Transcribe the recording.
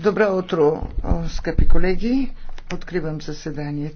Добро утро, скъпи колеги! Откривам заседанието.